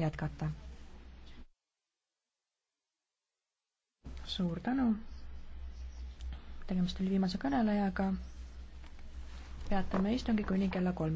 jätkata. suur tänu. tegemist oli viimase kõnelejaga. peatame istungi kuni kella kolme.